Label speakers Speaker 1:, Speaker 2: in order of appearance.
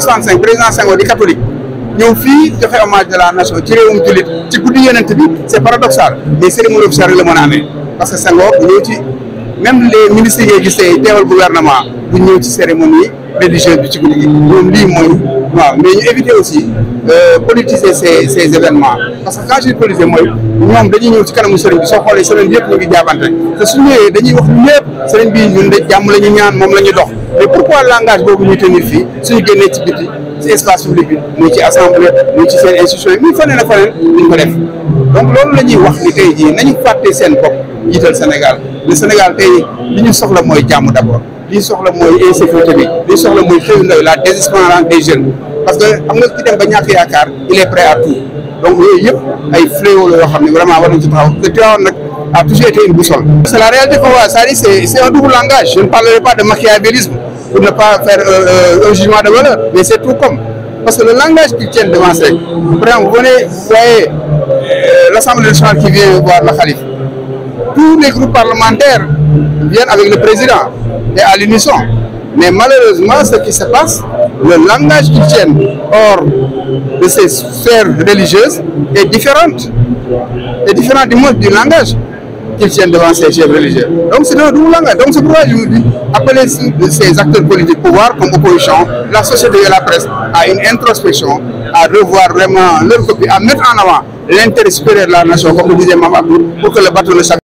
Speaker 1: 1965 président Senghor di catholique ñëw fii joxe hommage de la nation ci réewum jullit ci guddi yenent bi c' est paradoxal mais cérémonie officielle la mën a parce que c'est bu ci même les ministres qui ngay gis gouvernement bu ñëw ci cérémonie religieuse bi ci guddi gi ñoom lii mooy mais ñu éviter aussi Euh, politiser ces ces événements parce que quand je dis politiser mooy ñoom dañuy ñëw ci kanamu sëriñ bi soo xoolee sëriñ bi yëpp ñu ngi jaabante te su ñëwee dañuy wax ñëpp sëriñ bi ñun de jàmm la ñu ñaan moom la ñu dox mais pourquoi langage boobu ñuy tenir fii suñu génnee ci biti ci espace public bi muy ci assemblée muy ci seen institution yi faneen ak faneen duñ donc loolu la ñuy wax ni tey jii nañu fàtte seen bopp jiital Sénégal Sénégal tey li ñu soxla mooy jàmm d'abord li ñu soxla mooy insécurité bi li ñu soxla mooy xëy na la des jeunes parce que il est prêt à tout donc oui, il ay fléau vraiment war ci taxaw a toujours été une boussole. c'est la réalité qu'on voit ça à c'est un double langage je ne parlerai pas de machiavélisme pour ne pas faire euh, euh, un jugement de valeur mais c'est tout comme parce que le langage qu'ils tiennent devant ça, vous vous voyez euh, l'Assemblée nationale qui vient voir la Khalif. tous les groupes parlementaires viennent avec le président et à l'unisson mais malheureusement, ce qui se passe, le langage qu'ils tiennent hors de ces sphères religieuses est différent. Est différent du monde du langage qu'ils tiennent devant ces chefs religieux. Donc c'est langage. Donc c'est pourquoi je vous dis, ces acteurs politiques pouvoir comme opposition, la société et la presse à une introspection, à revoir vraiment leur copie, à mettre en avant l'intérêt supérieur de la nation, comme le disait Mamadou, pour que le bateau ne